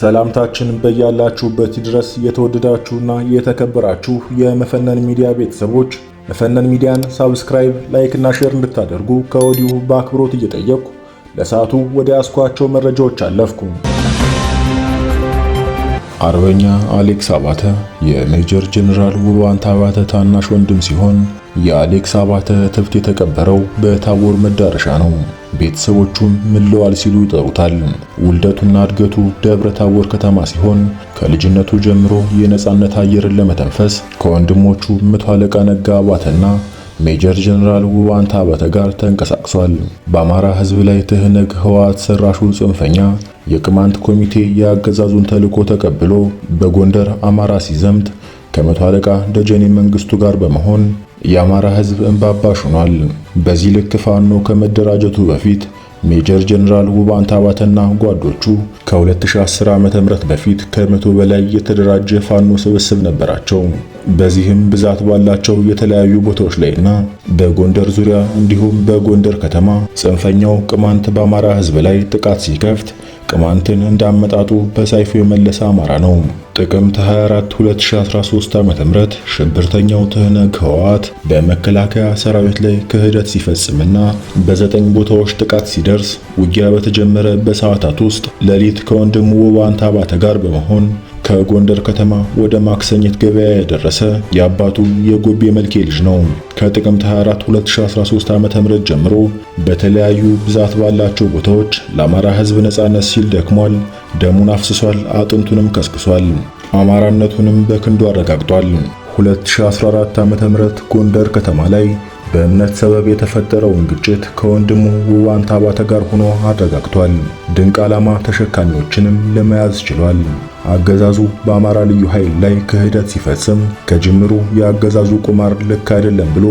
ሰላምታችን በያላችሁበት ድረስ የተወደዳችሁና የተከበራችሁ የመፈነን ሚዲያ ቤተሰቦች መፈነን ሚዲያን ሳብስክራይብ፣ ላይክ እና ሼር እንድታደርጉ ከወዲሁ በአክብሮት እየጠየቅኩ ለሰዓቱ ወደ ያስኳቸው መረጃዎች አለፍኩ። አርበኛ አሌክስ አባተ የሜጀር ጀነራል ውባንታ አባተ ታናሽ ወንድም ሲሆን የአሌክስ አባተ እትብት የተቀበረው በታቦር መዳረሻ ነው። ቤተሰቦቹም ምለዋል ሲሉ ይጠሩታል። ውልደቱና እድገቱ ደብረ ታቦር ከተማ ሲሆን ከልጅነቱ ጀምሮ የነጻነት አየርን ለመተንፈስ ከወንድሞቹ መቶ አለቃ ነጋ አባተና ሜጀር ጀነራል ውብ አንታበተ ጋር ተንቀሳቅሷል። በአማራ ህዝብ ላይ ትህነግ ህወሓት ሰራሹን ጽንፈኛ የቅማንት ኮሚቴ የአገዛዙን ተልዕኮ ተቀብሎ በጎንደር አማራ ሲዘምት ከመቶ አለቃ ደጀኔ መንግስቱ ጋር በመሆን የአማራ ህዝብ እንባባሽ ሆኗል። በዚህ ልክ ፋኖ ከመደራጀቱ በፊት ሜጀር ጀነራል ውባንታ ባተና ጓዶቹ ከ2010 ዓ.ም በፊት ከመቶ በላይ የተደራጀ ፋኖ ስብስብ ነበራቸው። በዚህም ብዛት ባላቸው የተለያዩ ቦታዎች ላይና በጎንደር ዙሪያ እንዲሁም በጎንደር ከተማ ጽንፈኛው ቅማንት በአማራ ሕዝብ ላይ ጥቃት ሲከፍት ቅማንትን እንዳመጣጡ በሰይፉ የመለሰ አማራ ነው። ጥቅምት 24 2013 ዓ.ም ሽብርተኛው ትህነግ ህወሓት በመከላከያ ሰራዊት ላይ ክህደት ሲፈጽምና በዘጠኝ ቦታዎች ጥቃት ሲደርስ ውጊያ በተጀመረ በሰዓታት ውስጥ ሌሊት ከወንድሙ ወባንታ ባተ ጋር በመሆን ከጎንደር ከተማ ወደ ማክሰኘት ገበያ የደረሰ የአባቱ የጎቤ መልኬ ልጅ ነው። ከጥቅምት 24 2013 ዓ.ም ጀምሮ በተለያዩ ብዛት ባላቸው ቦታዎች ለአማራ ሕዝብ ነጻነት ሲል ደክሟል፣ ደሙን አፍስሷል፣ አጥንቱንም ከስክሷል፣ አማራነቱንም በክንዱ አረጋግጧል። 2014 ዓ.ም ጎንደር ከተማ ላይ በእምነት ሰበብ የተፈጠረውን ግጭት ከወንድሙ ውባንታ ባተ ጋር ሆኖ አረጋግቷል። ድንቅ ዓላማ ተሸካሚዎችንም ለመያዝ ችሏል። አገዛዙ በአማራ ልዩ ኃይል ላይ ክህደት ሲፈጽም ከጅምሩ የአገዛዙ ቁማር ልክ አይደለም ብሎ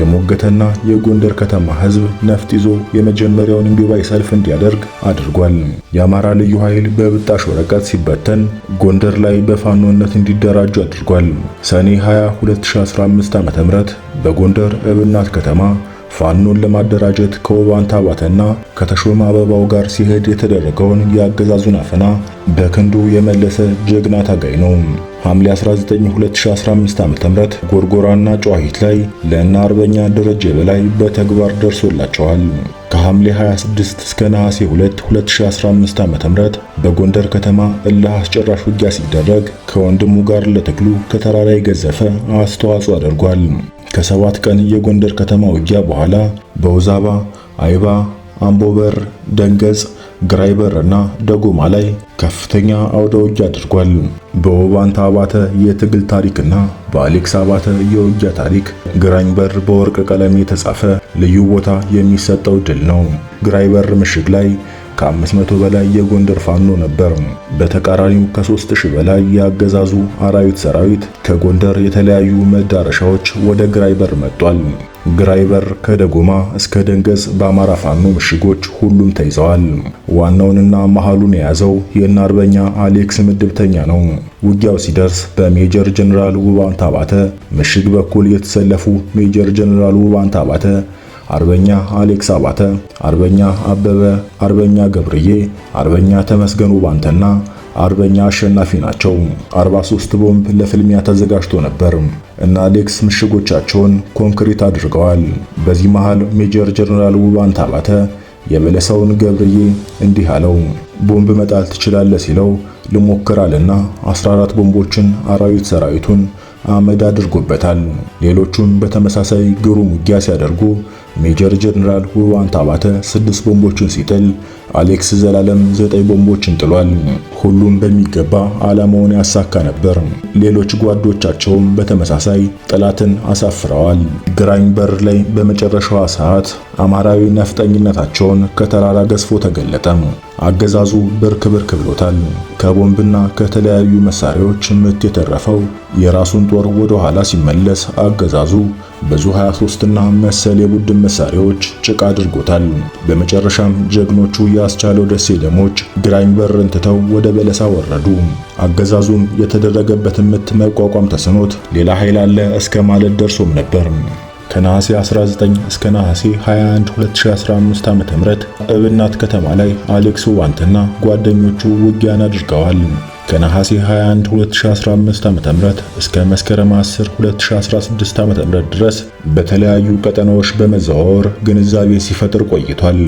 የሞገተና የጎንደር ከተማ ህዝብ ነፍጥ ይዞ የመጀመሪያውን እምቢባይ ሰልፍ እንዲያደርግ አድርጓል። የአማራ ልዩ ኃይል በብጣሽ ወረቀት ሲበተን ጎንደር ላይ በፋኖነት እንዲደራጁ አድርጓል። ሰኔ 20 2015 ዓ.ም በጎንደር እብናት ከተማ ፋኖን ለማደራጀት ከወባን ታባተና ከተሾመ አበባው ጋር ሲሄድ የተደረገውን የአገዛዙን አፈና በክንዱ የመለሰ ጀግና ታጋይ ነው። ሐምሌ 19 2015 ዓ.ም ተምረት ጎርጎራና ጨዋሂት ላይ ለእነ አርበኛ ደረጀ በላይ በተግባር ደርሶላቸዋል። ከሐምሌ 26 እስከ ነሐሴ 2 2015 ዓ.ም ተምረት በጎንደር ከተማ እልህ አስጨራሽ ውጊያ ሲደረግ ከወንድሙ ጋር ለተክሉ ከተራራ የገዘፈ አስተዋጽኦ አድርጓል። ከሰባት ቀን የጎንደር ከተማ ውጊያ በኋላ በውዛባ፣ አይባ፣ አምቦበር፣ ደንገጽ፣ ግራይበር እና ደጎማ ላይ ከፍተኛ አውደ ውጊያ አድርጓል። በወባንታ አባተ የትግል ታሪክና በአሌክስ አባተ የውጊያ ታሪክ ግራኝ በር በወርቅ ቀለም የተጻፈ ልዩ ቦታ የሚሰጠው ድል ነው። ግራይበር ምሽግ ላይ ከ500 በላይ የጎንደር ፋኖ ነበር። በተቃራኒው ከ3000 በላይ ያገዛዙ አራዊት ሰራዊት ከጎንደር የተለያዩ መዳረሻዎች ወደ ግራይ በር መጥቷል። ግራይበር በር ከደጎማ እስከ ደንገዝ በአማራ ፋኖ ምሽጎች ሁሉም ተይዘዋል። ዋናውንና መሃሉን የያዘው የእነ አርበኛ አሌክስ ምድብተኛ ነው። ውጊያው ሲደርስ በሜጀር ጀነራል ውባንታ አባተ ምሽግ በኩል የተሰለፉ ሜጀር ጀነራል ውባንታ አባተ አርበኛ አሌክስ አባተ፣ አርበኛ አበበ፣ አርበኛ ገብርዬ፣ አርበኛ ተመስገኑ ባንተና አርበኛ አሸናፊ ናቸው። 43 ቦምብ ለፍልሚያ ተዘጋጅቶ ነበር እና አሌክስ ምሽጎቻቸውን ኮንክሪት አድርገዋል። በዚህ መሃል ሜጀር ጀነራል ውባንተ አባተ የበለሰውን ገብርዬ እንዲህ አለው። ቦምብ መጣል ትችላለህ ሲለው ልሞክራልና 14 ቦምቦችን አራዊት ሰራዊቱን አመድ አድርጎበታል። ሌሎቹም በተመሳሳይ ግሩም ውጊያ ሲያደርጉ ሜጀር ጀነራል ሁዋንታ ባተ ስድስት ቦምቦችን ሲጥል አሌክስ ዘላለም ዘጠኝ ቦምቦችን ጥሏል። ሁሉም በሚገባ ዓላማውን ያሳካ ነበር። ሌሎች ጓዶቻቸውም በተመሳሳይ ጠላትን አሳፍረዋል። ግራኝ በር ላይ በመጨረሻዋ ሰዓት አማራዊ ነፍጠኝነታቸውን ከተራራ ገዝፎ ተገለጠ። አገዛዙ ብርክ ብርክ ብሎታል። ከቦምብና ከተለያዩ መሳሪያዎች ምት የተረፈው የራሱን ጦር ወደ ኋላ ሲመለስ አገዛዙ ብዙ 23 እና መሰል የቡድን መሳሪያዎች ጭቃ አድርጎታል። በመጨረሻም ጀግኖቹ ያስቻለው ደሴ ደሞች ግራኝ በርን ትተው ወደ በለሳ ወረዱ። አገዛዙም የተደረገበትን ምት መቋቋም ተስኖት ሌላ ኃይል አለ እስከ ማለት ደርሶም ነበር። ከነሐሴ 19 እስከ ነሐሴ 21 2015 ዓ.ም እብናት ከተማ ላይ አሌክስ ዋንትና ጓደኞቹ ውጊያን አድርገዋል። ከነሐሴ 21 2015 ዓ.ም እስከ መስከረም 10 2016 ዓ.ም ድረስ በተለያዩ ቀጠናዎች በመዛወር ግንዛቤ ሲፈጥር ቆይቷል።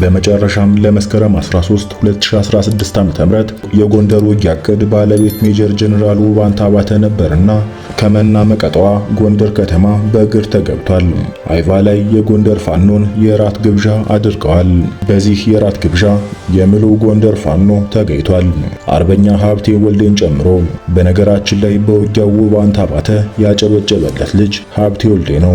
በመጨረሻም ለመስከረም 13 2016 ዓ.ም የጎንደር ውጊያ ዕቅድ ባለቤት ሜጀር ጀነራል ውባንታ አባተ ነበርና ከመና መቀጠዋ ጎንደር ከተማ በእግር ተገብቷል። አይቫ ላይ የጎንደር ፋኖን የራት ግብዣ አድርገዋል። በዚህ የራት ግብዣ የምሉ ጎንደር ፋኖ ተገኝቷል። አርበኛ ሀብቴ ወልዴን ጨምሮ በነገራችን ላይ በውጊያው ውባንታ ታባተ ያጨበጨበለት ልጅ ሀብቴ ወልዴ ነው።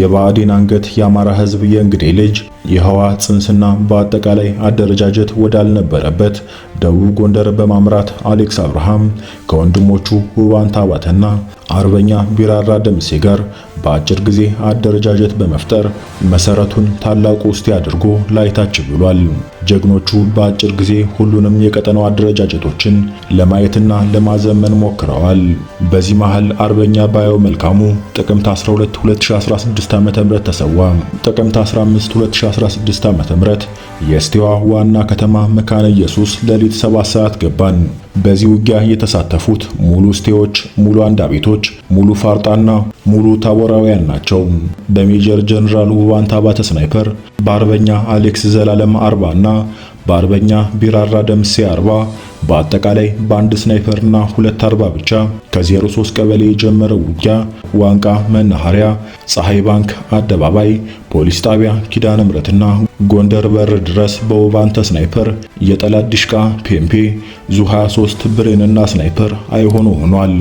የባዕዴን አንገት የአማራ ህዝብ የእንግዴ ልጅ የህወሓት ጽንስና በአጠቃላይ አደረጃጀት ወዳልነበረበት ደቡብ ጎንደር በማምራት አሌክስ አብርሃም ከወንድሞቹ ውባንታ አባተና አርበኛ ቢራራ ደምሴ ጋር በአጭር ጊዜ አደረጃጀት በመፍጠር መሰረቱን ታላቁ ውስጥ አድርጎ ላይታች ብሏል። ጀግኖቹ በአጭር ጊዜ ሁሉንም የቀጠናው አደረጃጀቶችን ለማየትና ለማዘመን ሞክረዋል። በዚህ መሃል አርበኛ ባየው መልካሙ ጥቅምት 12 2016 ዓ.ም ተሰዋ። ጥቅምት 15 2016 ዓ.ም የእስቴዋ ዋና ከተማ መካነ ኢየሱስ ሌሊት 7 ሰዓት ገባን። በዚህ ውጊያ የተሳተፉት ሙሉ እስቴዎች፣ ሙሉ አንዳቤቶች፣ ሙሉ ፋርጣና ሙሉ ታቦራውያን ናቸው። በሜጀር ጀነራል ውባንታ ባተ ስናይፐር፣ በአርበኛ አሌክስ ዘላለም 40 እና በአርበኛ ቢራራ ደምሴ 40 በአጠቃላይ በአንድ ስናይፐርና ሁለት አርባ ብቻ ከ03 ቀበሌ የጀመረው ውጊያ ዋንቃ መናኸሪያ፣ ፀሐይ ባንክ አደባባይ፣ ፖሊስ ጣቢያ፣ ኪዳነ ምረትና ጎንደር በር ድረስ በውባንተ ስናይፐር የጠላት ዲሽቃ ፔምፔ፣ ዙ 23 ብሬንና ስናይፐር አይሆኑ ሆኗል።